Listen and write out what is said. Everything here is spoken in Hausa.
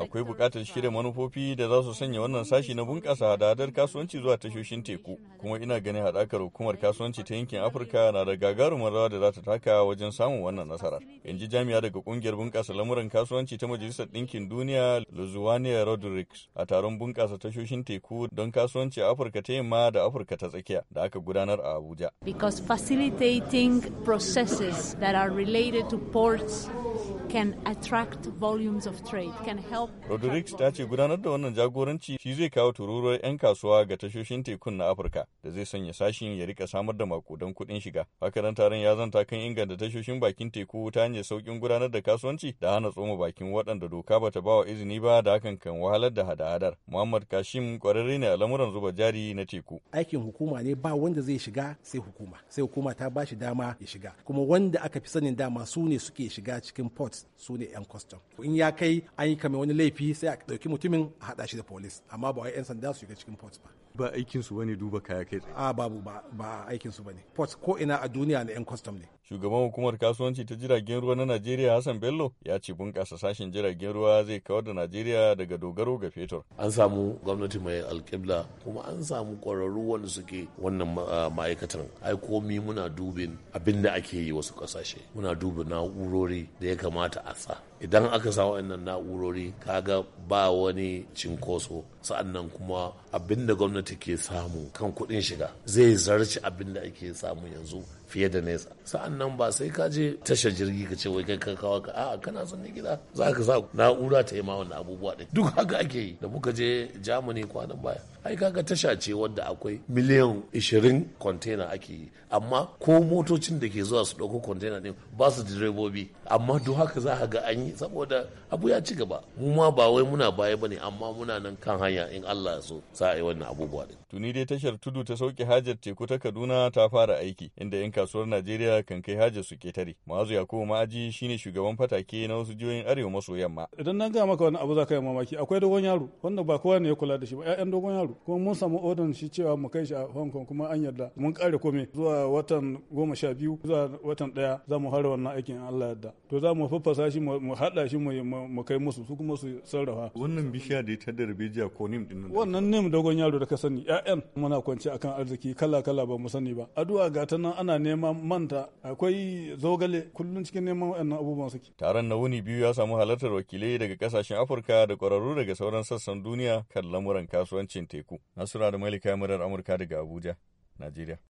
Akwai bukatar shirya manufofi da za su sanya wannan sashi na bunƙasa hadadar kasuwanci zuwa tashoshin teku, kuma ina ganin haɗakar hukumar kasuwanci ta yankin Afirka na da gagarumar rawa da za ta taka wajen samun wannan nasarar. In ji jami'a daga ƙungiyar bunƙasa lamuran kasuwanci ta Majalisar Ɗinkin Duniya Luzuwania rodericks a taron bunƙasa tashoshin teku don kasuwanci a Afirka ta yamma da Afirka ta tsakiya da aka gudanar a Abuja. Because facilitating processes that are related to ports can attract volumes of trade, can help. Rodrigues ta ce gudanar da wannan jagoranci shi zai kawo tururuwar 'yan kasuwa ga tashoshin tekun na Afirka da zai sanya sashin ya rika samar da makudan kuɗin shiga. haka Hakanan taron ya zanta kan inganta tashoshin bakin teku ta hanyar sauƙin gudanar da kasuwanci da hana tsoma bakin waɗanda doka bata ba wa izini ba da hakan kan wahalar da hada-hadar. Muhammad Kashim kwararre ne a lamuran zuba jari na teku. Aikin hukuma ne ba wanda zai shiga sai hukuma. Sai hukuma ta ba shi dama ya shiga. Kuma wanda aka fi sanin dama su ne suke shiga cikin ports su ne 'yan kwastam in ya kai an yi kame wani laifi sai a ɗauki mutumin a haɗa shi da police amma ba wai 'yan sanda su shiga cikin port ba ba aikin su bane duba kaya kai a babu ba aikin su bane port ko ina a duniya na yan kwastam ne shugaban hukumar kasuwanci ta jiragen ruwa na Najeriya Hassan Bello ya ce bunƙasa sashen jiragen ruwa zai kawar da Najeriya daga dogaro ga fetur an samu gwamnati mai alƙibla kuma an samu ƙwararru wanda suke wannan ah, ma'aikatan ai komi muna dubin abin da ake yi wasu ƙasashe muna dubin na'urori da ya kamata تأثر idan aka sa wa'annan na'urori kaga ba wani cinkoso sa'annan kuma abinda gwamnati ke samu kan kuɗin shiga zai zarci abinda ake samu yanzu fiye da nesa sa'an nan ba sai ka je tashar jirgi ka ce wai kai ka kawo ka a'a kana son ne gida za ka sa na'ura ta yi ma wannan abubuwa ɗin duk haka ake yi da muka je germany kwanan baya ai kaga tasha ce wadda akwai miliyan 20 container ake yi amma ko motocin da ke zuwa su ɗauko container ɗin ba su direbobi amma duk haka za ka ga an yi saboda abu ya ci gaba mu ma ba wai muna baya bane amma muna nan kan hanya in Allah ya so sa a yi wannan abubuwa din tuni dai tashar tudu ta sauke hajar teku ta Kaduna ta fara aiki inda yan kasuwar Najeriya kan kai hajar su ketare Ma'azu Yakubu Ma'aji shine shugaban fatake na wasu jihohin Arewa maso yamma idan na ga maka wani abu za ka yi mamaki akwai dogon yaro wanda ba kowa ne ya kula da shi ba ƴaƴan dogon yaro kuma mun samu odan shi cewa mu kai shi a Hong Kong kuma an yarda mun kare komai zuwa watan goma sha biyu zuwa watan daya za mu hara wannan aikin Allah yadda to za mu fafasa shi mu haɗa shi mu kai musu su kuma su sarrafa wannan bishiya da ta darbejiya ko nim din wannan nim dogon yaro da ka sani ƴaƴan muna kwance akan arziki kala kala ba mu sani ba addu'a ga ta nan ana neman manta akwai zogale kullum cikin neman waɗannan abubuwan suke taron na wuni biyu ya samu halartar wakilai daga kasashen afirka da kwararru daga sauran sassan duniya kan lamuran kasuwancin teku nasura da malika murar amurka daga abuja najeriya